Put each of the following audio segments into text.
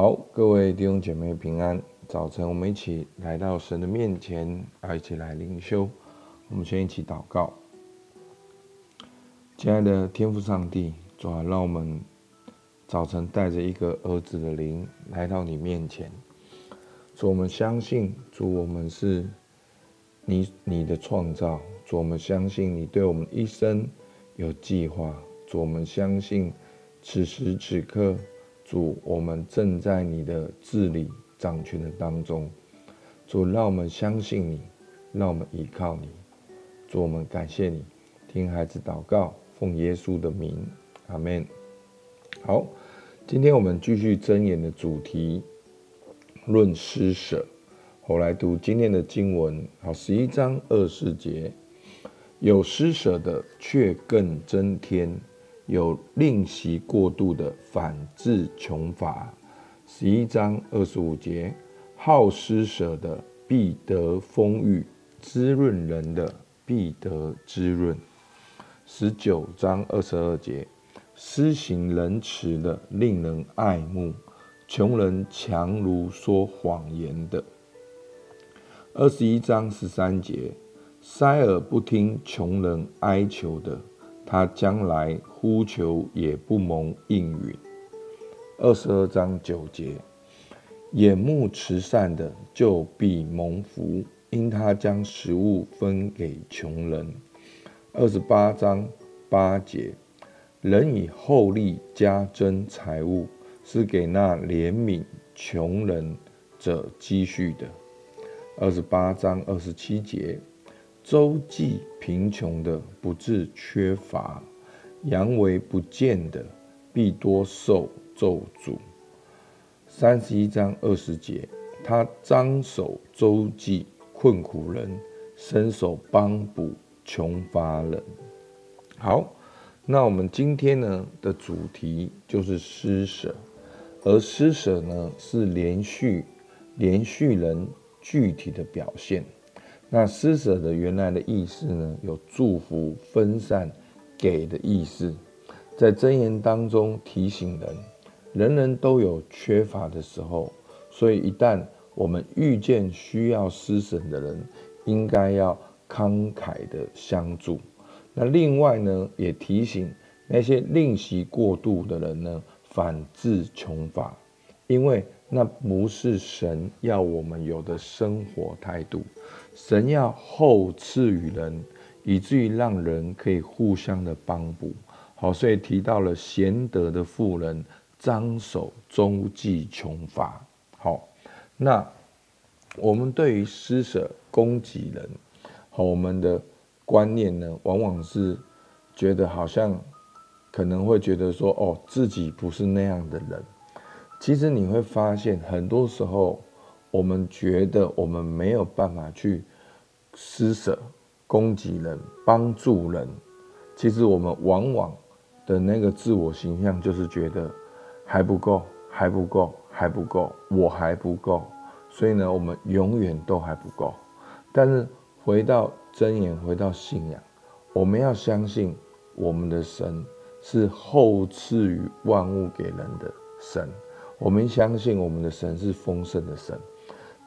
好，各位弟兄姐妹平安。早晨，我們一起來到神的面前，而、啊、一起來靈修。我們先一起禱告。親愛的天父上帝，主，讓我們早晨帶着一個兒子的靈來到你面前。主，我們相信，主，我們是你你的創造。主，我們相信你對我們一生有計劃。主，我們相信此時此刻。主，我們正在你的治理掌權的當中。主，讓我們相信你，讓我們依靠你。主，我們感謝你。聽孩子禱告，奉耶穌的名，阿門。好，今天我們繼續箴言的主題，論施捨。我來讀今天的經文，好，十一章二十節，有施捨的，卻更增添。有吝惜過度的，反致窮乏。十一章二十五節，好施捨的必得豐裕，滋潤人的必得滋潤。十九章二十二節，施行仁慈的令人愛慕，窮人強如說謊言的。二十一章十三節，塞耳不聽窮人哀求的。他將來呼求也不蒙應允。二十二章九節，眼目慈善的，就必蒙福，因他將食物分給窮人。二十八章八節，人以厚利加增財物，是給那憐憫窮人者積蓄的。二十八章二十七節。.周濟貧窮的不致缺乏，佯為不見的必多受咒詛。三十一章二十節，她張手周濟困苦人，伸手幫補窮乏人。好，那我們今天呢的主題就是施捨，而施捨呢是憐恤，憐恤人具體的表現。那施捨的原來的意思呢，有祝福、分散、給的意思，在箴言當中提醒人，人人都有缺乏的時候，所以一旦我們遇見需要施捨的人，應該要慷慨的相助。那另外呢，也提醒那些吝惜過度的人呢，反致窮乏，因為。那不是神要我們有的生活態度，神要厚賜予人，以至於讓人可以互相的幫補。好，所以提到了賢德的婦人張手周濟窮乏。好，那我們對於施舍供給人，好，我們的觀念呢，往往是覺得好像可能會覺得說，哦，自己不是那樣的人。其實你會發現，很多時候我們覺得我們沒有辦法去施舍、供給人、幫助人。其實我們往往的那個自我形象就是覺得還不夠，還不夠，還不夠，還不夠我還不夠。所以呢，我們永遠都還不夠。但是回到箴言，回到信仰，我們要相信我們的神是厚賜於萬物給人的神。我們相信我們的神是豐盛的神。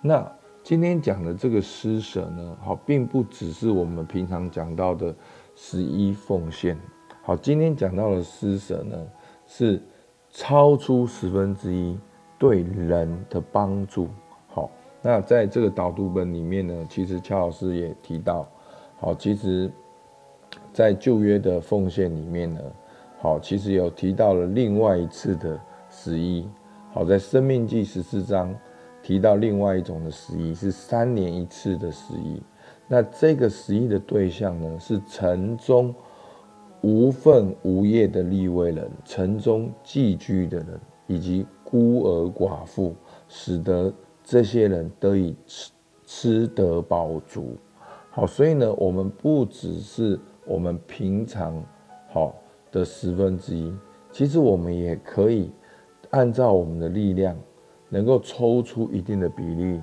那今天講的這個施捨呢，好，並不只是我們平常講到的十一奉獻。好，今天講到的施捨呢，是超出十分之一對人的幫助。好，那在這個導讀本裡面呢，其實喬老師也提到，好，其實在舊約的奉獻裡面呢，好，其實有提到了另外一次的十一。好，在《申命記》十四章提到另外一種的十一，是三年一次的十一，那這個十一的對象呢，是城中無分無業的利未人、城中寄居的人以及孤兒寡婦，使得這些人得以吃吃得飽足。好，所以呢，我們不只是我們平常好的十分之一，其實我們也可以。按照我們的力量，能夠抽出一定的比例，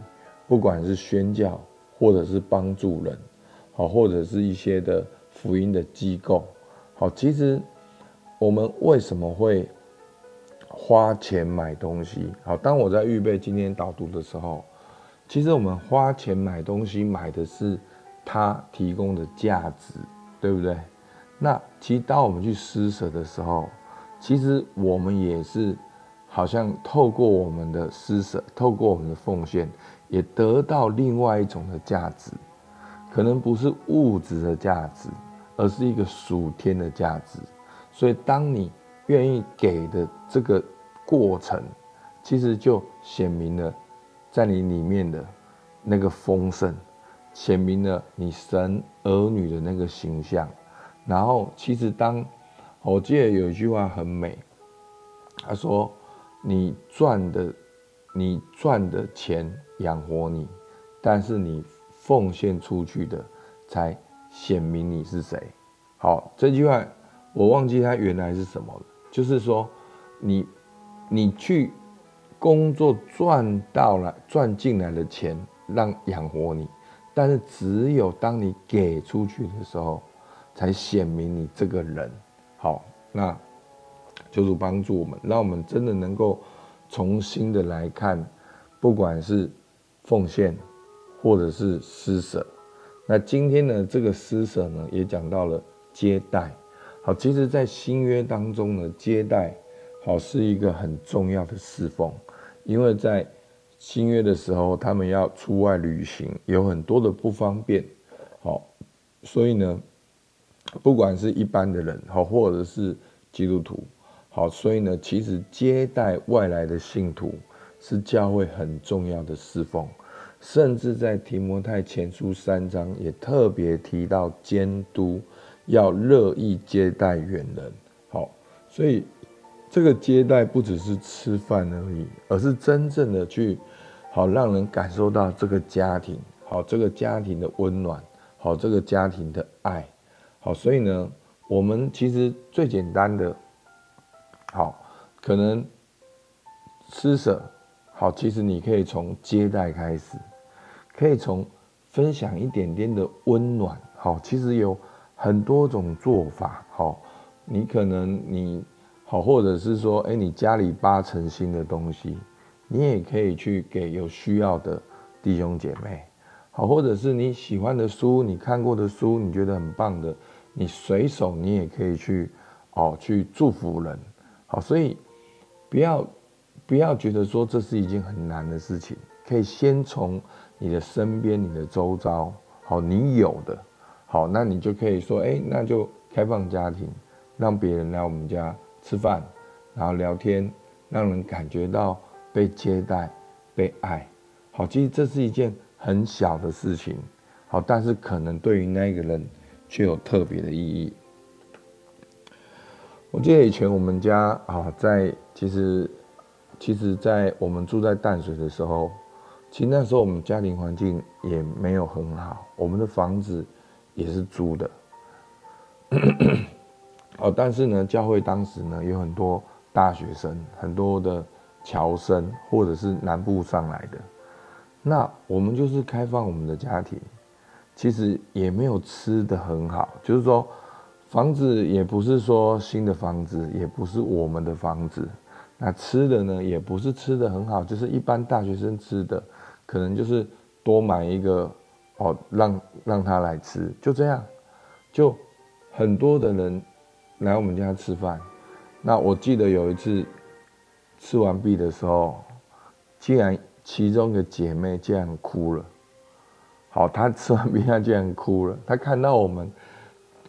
不管是宣教，或者是幫助人，好，或者是一些的福音的機構，好，其實我們為什麼會花錢買東西？好，當我在預備今天導讀的時候，其實我們花錢買東西買的是它提供的價值，對不對？那其實當我們去施捨的時候，其實我們也是。好像透過我們的施捨，透過我們的奉獻，也得到另外一種的價值，可能不是物質的價值，而是一個屬天的價值。所以，當你願意給的這個過程，其實就顯明了在你裡面的那個豐盛，顯明了你神兒女的那個形象。然後，其實當，我記得有一句話很美，他說，你賺的，你賺的錢養活你，但是你奉獻出去的，才顯明你是誰。好，這句話我忘記它原來是什麼了。就是說，你，你去工作賺到了賺進來的錢，讓養活你，但是只有當你給出去的時候，才顯明你這個人。好，那。求主幫助我們，讓我們真的能夠重新的來看，不管是奉獻或者是施捨。那今天呢，這個施捨呢，也講到了接待。好，其實，在新約當中呢，接待好是一個很重要的侍奉，因為在新約的時候，他們要出外旅行，有很多的不方便。好，所以呢，不管是一般的人好，或者是基督徒。好，所以呢，其實接待外來的信徒是教會很重要的侍奉，甚至在提摩太前書三章也特別提到，監督要樂意接待遠人。好，所以這個接待不只是吃飯而已，而是真正的去好，讓人感受到這個家庭好，這個家庭的溫暖，好，這個家庭的愛。好，所以呢，我們其實最簡單的。好，可能施捨，好，其實你可以從接待開始，可以從分享一點點的溫暖，好，其實有很多種做法，好，你可能你，好，或者是說，哎，你家裡八成新的東西，你也可以去給有需要的弟兄姐妹，好，或者是你喜歡的書，你看過的書，你覺得很棒的，你隨手你也可以去，哦，去祝福人。好，所以不要不要覺得說這是一件很難的事情，可以先從你的身邊、你的周遭，好，你有的，好，那你就可以說，哎、欸，那就開放家庭，讓別人來我們家吃飯，然後聊天，讓人感覺到被接待、被愛。好，其實這是一件很小的事情，好，但是可能對於那個人卻有特別的意義。我記得以前我們家啊，在其實，其實，在我們住在淡水的時候，其實那時候我們家庭環境也沒有很好，我們的房子也是租的， 哦，但是呢，教會當時呢有很多大學生，很多的僑生或者是南部上來的，那我們就是開放我們的家庭，其實也沒有吃得很好，就是說。房子也不是說新的房子，也不是我們的房子。那吃的呢，也不是吃得很好，就是一般大學生吃的，可能就是多買一個，哦，讓讓他來吃，就這樣。就很多的人來我們家吃飯。那我記得有一次吃完畢的時候，竟然其中一個姐妹竟然哭了。好、哦，她吃完畢，她竟然哭了，她看到我們。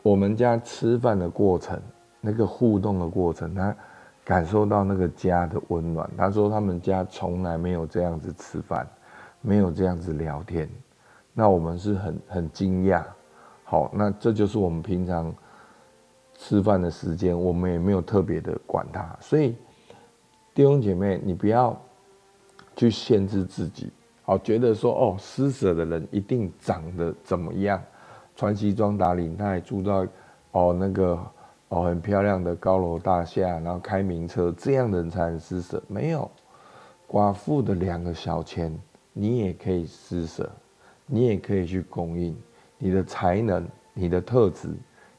我們家吃飯的過程，那個互動的過程，他感受到那個家的溫暖。他說他們家從來沒有這樣子吃飯，沒有這樣子聊天。那我們是很很驚訝。好，那這就是我們平常吃飯的時間，我們也沒有特別的管他。所以弟兄姐妹，你不要去限制自己，好，覺得說哦，施捨的人一定長得怎麼樣？穿西裝打領帶，住到哦那個哦很漂亮的高樓大廈，然後開名車，這樣的人才能施舍？沒有，寡婦的兩個小錢，你也可以施舍，你也可以去供應，你的才能，你的特質，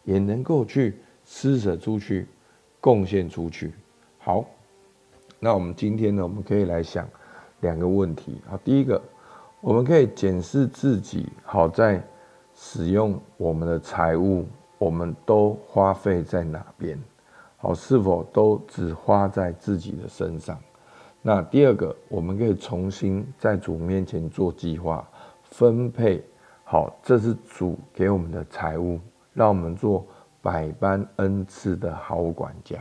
也能夠去施舍出去，貢獻出去。好，那我們今天呢，我們可以來想兩個問題啊。第一個，我們可以檢視自己，好在。使用我們的財物，我們都花費在哪邊？好，是否都只花在自己的身上？那第二個，我們可以重新在主面前做計劃分配。好，這是主給我們的財物，讓我們做百般恩賜的好管家，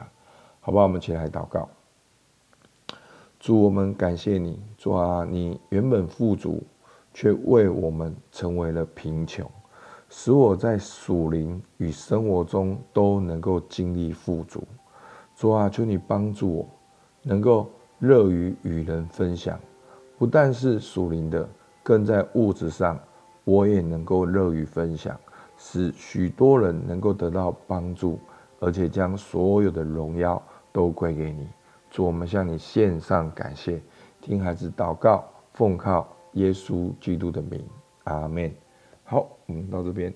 好不好？我們起來禱告。主，我們感謝你，主啊，你原本富足，卻為我們成為了貧窮。使我在屬靈與生活中都能夠經歷富足。主啊，求你幫助我，能夠樂於與人分享，不但是屬靈的，更在物質上，我也能夠樂於分享，使許多人能夠得到幫助，而且將所有的榮耀都歸給你。主，我們向你獻上感謝。聽孩子禱告，奉靠耶穌基督的名，阿門。好，我們到這邊。